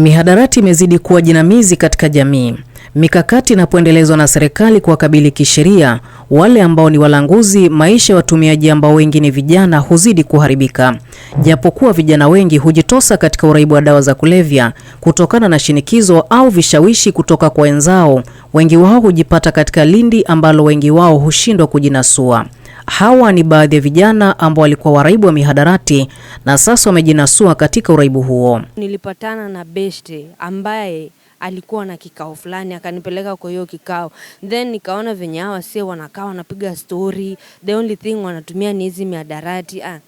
Mihadarati imezidi kuwa jinamizi katika jamii. Mikakati inapoendelezwa na serikali kuwakabili kisheria wale ambao ni walanguzi, maisha ya watumiaji ambao wengi ni vijana huzidi kuharibika. Japokuwa vijana wengi hujitosa katika uraibu wa dawa za kulevya kutokana na shinikizo au vishawishi kutoka kwa wenzao, wengi wao hujipata katika lindi ambalo wengi wao hushindwa kujinasua. Hawa ni baadhi ya vijana ambao walikuwa waraibu wa mihadarati na sasa wamejinasua katika uraibu huo. Nilipatana na beshte ambaye alikuwa na kikao fulani, akanipeleka kwa hiyo kikao, then nikaona venye hawa sie wanakaa wanapiga story, the only thing wanatumia ni hizi miadarati ah.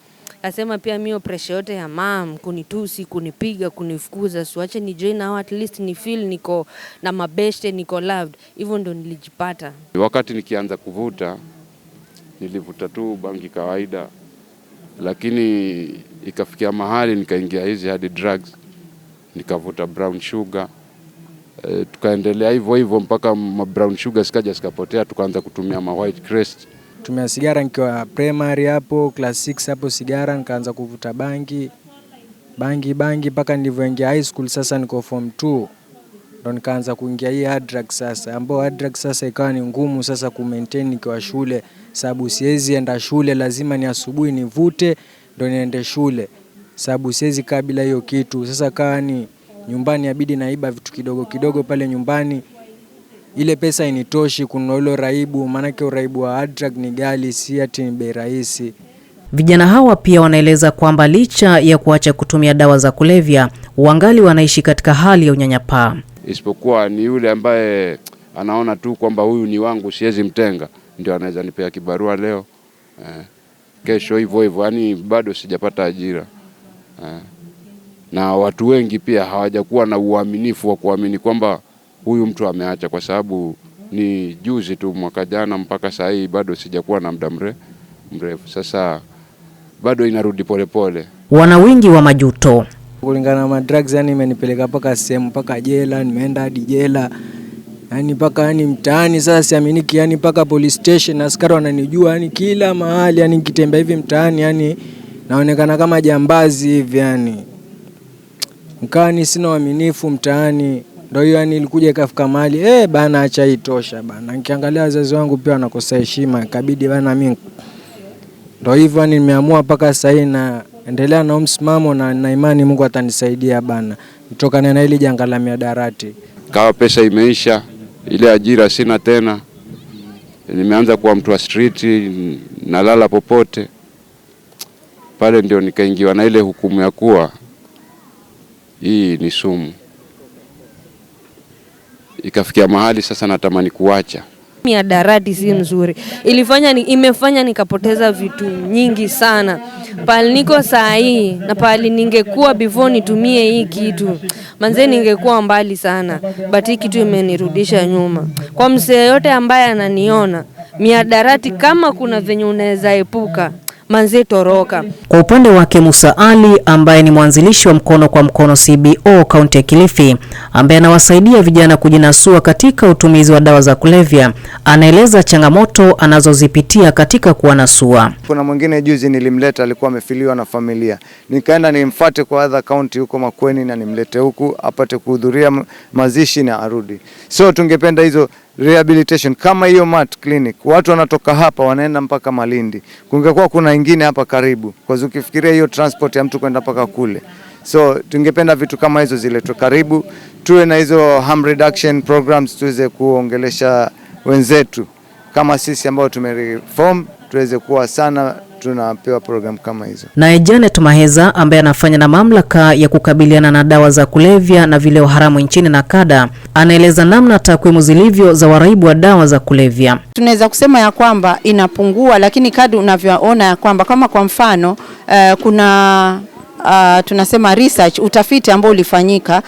Kasema pia mio pressure yote ya mam kunitusi, kunipiga, kunifukuza, siwache ni join au at least ni feel niko na mabeste, niko loved. Hivyo ndo nilijipata. Wakati nikianza kuvuta, nilivuta tu bangi kawaida, lakini ikafikia mahali nikaingia hizi hadi drugs, nikavuta brown sugar. E, tukaendelea hivyo hivyo mpaka brown sugar sikaja sikapotea, tukaanza kutumia ma white crest. Tumia sigara nikiwa primary hapo class 6 hapo sigara, nikaanza kuvuta bangi bangi bangi mpaka nilivyoingia high school. Sasa niko form 2 ndo nikaanza kuingia hii hard drug sasa, ambao hard drug sasa ikawa ni ngumu sasa ku maintain nikiwa shule, sababu siwezi enda shule, lazima ni asubuhi nivute ndo niende shule, sababu siwezi kabila hiyo kitu sasa kaa ni nyumbani, abidi naiba vitu kidogo kidogo pale nyumbani, ile pesa initoshi kununua hilo raibu, maanake uraibu wa adrag ni gali si ati ni bei rahisi. Vijana hawa pia wanaeleza kwamba licha ya kuacha kutumia dawa za kulevya wangali wanaishi katika hali ya unyanyapaa, isipokuwa ni yule ambaye anaona tu kwamba huyu ni wangu, siwezi mtenga, ndio anaweza nipea kibarua leo eh, kesho hivyo hivyo, yaani bado sijapata ajira eh na watu wengi pia hawajakuwa na uaminifu wa kuamini kwamba huyu mtu ameacha, kwa sababu ni juzi tu mwaka jana mpaka saa hii bado sijakuwa na muda mrefu. Sasa bado inarudi polepole. Wana wingi wa majuto kulingana na madrugs, yani imenipeleka mpaka sehemu mpaka jela, nimeenda hadi jela yani mpaka yani mtaani sasa siaminiki, yani mpaka police station askari wananijua, yani kila mahali, yani nikitembea hivi mtaani, yani naonekana kama jambazi hivi yani mkani sina uaminifu mtaani, ndo hiyo yani ilikuja ikafika mali eh bana, acha itosha bana. Nikiangalia wazazi wangu pia wanakosa heshima, ikabidi bana mimi ndo hivyo yani nimeamua mpaka sasa hivi na endelea na msimamo na na imani Mungu atanisaidia bana, nitokane na hili janga la miadarati. Kawa pesa imeisha, ile ajira sina tena, nimeanza kuwa mtu wa street, nalala popote pale, ndio nikaingiwa na ile hukumu ya kuwa hii ni sumu. Ikafikia mahali sasa natamani kuacha. Miadarati si mzuri, ilifanya ni, imefanya nikapoteza vitu nyingi sana pahali niko saa hii na pahali ningekuwa before nitumie hii kitu manzee ningekuwa mbali sana, but hii kitu imenirudisha nyuma. Kwa msee yote ambaye ananiona miadarati, kama kuna venye unaweza epuka Manzi Toroka. Kwa upande wake Musa Ali ambaye ni mwanzilishi wa mkono kwa mkono CBO kaunti ya Kilifi, ambaye anawasaidia vijana kujinasua katika utumizi wa dawa za kulevya, anaeleza changamoto anazozipitia katika kuwanasua. Kuna mwingine juzi nilimleta, alikuwa amefiliwa na familia, nikaenda nimfuate kwa adha kaunti huko Makweni na nimlete huku apate kuhudhuria mazishi na arudi. So tungependa hizo rehabilitation kama hiyo Mat Clinic, watu wanatoka hapa wanaenda mpaka Malindi. Kungekuwa kuna ingine hapa karibu, kwa sababu ukifikiria hiyo transport ya mtu kwenda mpaka kule, so tungependa vitu kama hizo ziletwe karibu, tuwe na hizo harm reduction programs, tuweze kuongelesha wenzetu kama sisi ambao tumereform, tuweze kuwa sana tunapewa programu kama hizo. Naye Janet Maheza ambaye anafanya na mamlaka ya kukabiliana na dawa za kulevya na vileo haramu nchini na kada anaeleza namna takwimu zilivyo za waraibu wa dawa za kulevya. Tunaweza kusema ya kwamba inapungua, lakini kadri unavyoona ya kwamba kama kwa mfano eh, kuna Uh, tunasema research utafiti ambao ulifanyika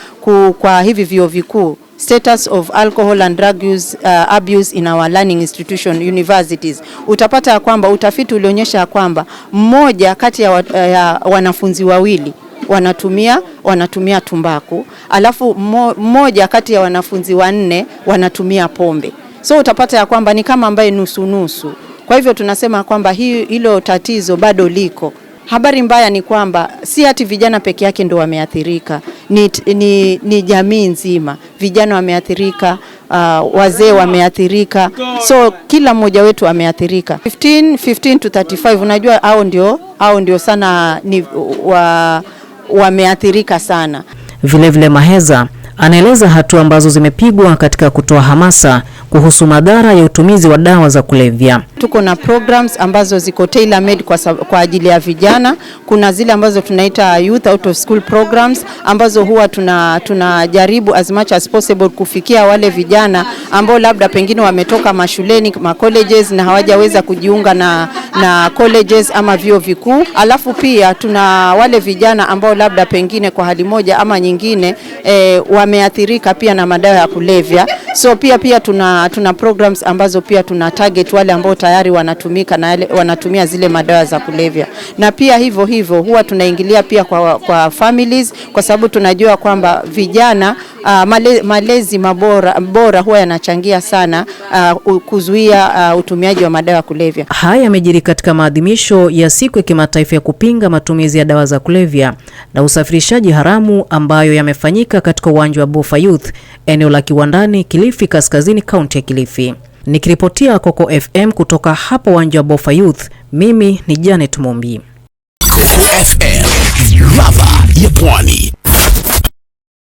kwa hivi vyuo vikuu status of alcohol and drug use, uh, abuse in our learning institution universities, utapata ya kwamba utafiti ulionyesha ya kwamba mmoja kati ya, wa, ya wanafunzi wawili wanatumia wanatumia tumbaku, alafu mmoja kati ya wanafunzi wanne wanatumia pombe. So utapata ya kwamba ni kama ambaye nusu nusu. Kwa hivyo tunasema kwamba hii hilo tatizo bado liko. Habari mbaya ni kwamba si hati vijana peke yake ndo wameathirika ni, ni, ni jamii nzima, vijana wameathirika, uh, wazee wameathirika, so kila mmoja wetu ameathirika. 15, 15 to 35, unajua hao ndio, hao ndio sana ni, wa, wameathirika sana. Vilevile vile Maheza anaeleza hatua ambazo zimepigwa katika kutoa hamasa kuhusu madhara ya utumizi wa dawa za kulevya. Tuko na programs ambazo ziko tailor made kwa, kwa ajili ya vijana. Kuna zile ambazo tunaita youth out of school programs ambazo huwa tunajaribu tuna as much as possible kufikia wale vijana ambao labda pengine wametoka mashuleni ma colleges na hawajaweza kujiunga na, na colleges ama vyuo vikuu. Alafu pia tuna wale vijana ambao labda pengine kwa hali moja ama nyingine eh, wameathirika pia na madawa ya kulevya so pia pia tuna tuna programs ambazo pia tuna target wale ambao tayari wanatumika na wanatumia zile madawa za kulevya, na pia hivyo hivyo huwa tunaingilia pia kwa, kwa families kwa sababu tunajua kwamba vijana uh, male, malezi mabora, bora huwa yanachangia sana uh, kuzuia uh, utumiaji wa madawa ya kulevya. Haya yamejiri katika maadhimisho ya siku ya kimataifa ya kupinga matumizi ya dawa za kulevya na usafirishaji haramu ambayo yamefanyika katika uwanja wa Bofa Youth eneo la Kiwandani, Kilifi Kaskazini, County kaunti ya Kilifi. Nikiripotia Coco FM kutoka hapa uwanja wa Bofa Youth, mimi ni Janet Mumbi. Coco FM, ladha ya Pwani.